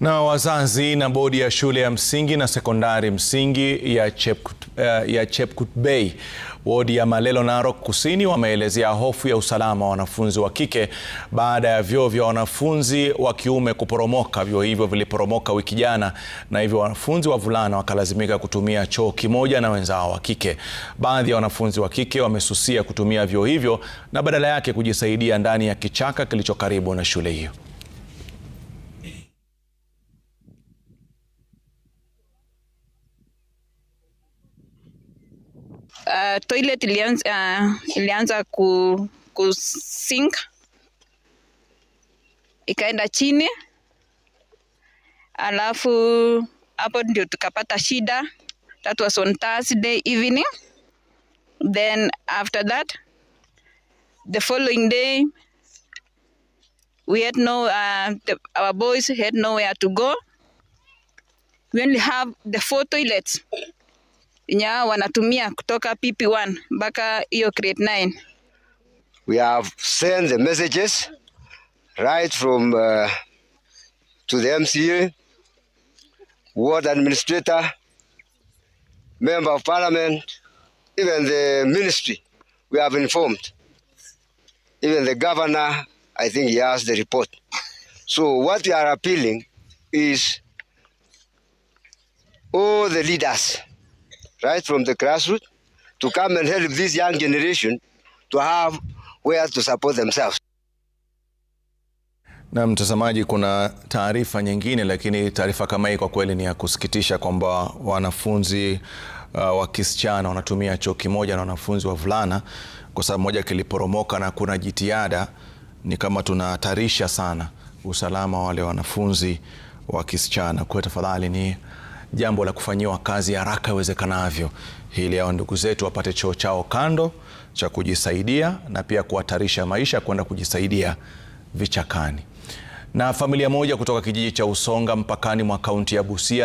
Na wazazi na bodi ya shule ya msingi na sekondari msingi ya Chepkut, uh, ya Chepkut Bay wodi ya Malelo Narok Kusini wameelezea hofu ya usalama wa wanafunzi wa kike baada ya vyoo vya wanafunzi wa kiume kuporomoka. Vyoo hivyo viliporomoka wiki jana na hivyo wanafunzi wa vulana wakalazimika kutumia choo kimoja na wenzao wa kike. Baadhi ya wanafunzi wa kike wamesusia kutumia vyoo hivyo na badala yake kujisaidia ndani ya kichaka kilicho karibu na shule hiyo. uh, toilet ilianza, uh, ilianza ku, ku ikaenda chini, alafu hapo ndio tukapata shida. That was on Thursday evening. Then after that the following day we had no uh, the, our boys had nowhere to go. We only have the four toilets yenye hao wanatumia kutoka PP1 mpaka hiyo grade 9. We have sent the messages right from uh, to the MCA, ward administrator, member of parliament, even the ministry. We have informed. Even the governor, I think he has the report. So what we are appealing is all the leaders right from the grassroots, to come and help this young generation to have where to support themselves. Na mtazamaji, kuna taarifa nyingine, lakini taarifa kama hii kwa kweli ni ya kusikitisha kwamba wanafunzi uh, wa kisichana wanatumia choo kimoja na wanafunzi wa vulana kwa sababu moja kiliporomoka na kuna jitihada, ni kama tunahatarisha sana usalama wale wanafunzi wa kisichana. Kwa tafadhali ni jambo la kufanyiwa kazi haraka iwezekanavyo ili hao ndugu zetu wapate choo chao kando cha kujisaidia na pia kuhatarisha maisha kwenda kujisaidia vichakani. Na familia moja kutoka kijiji cha Usonga mpakani mwa kaunti ya Busia na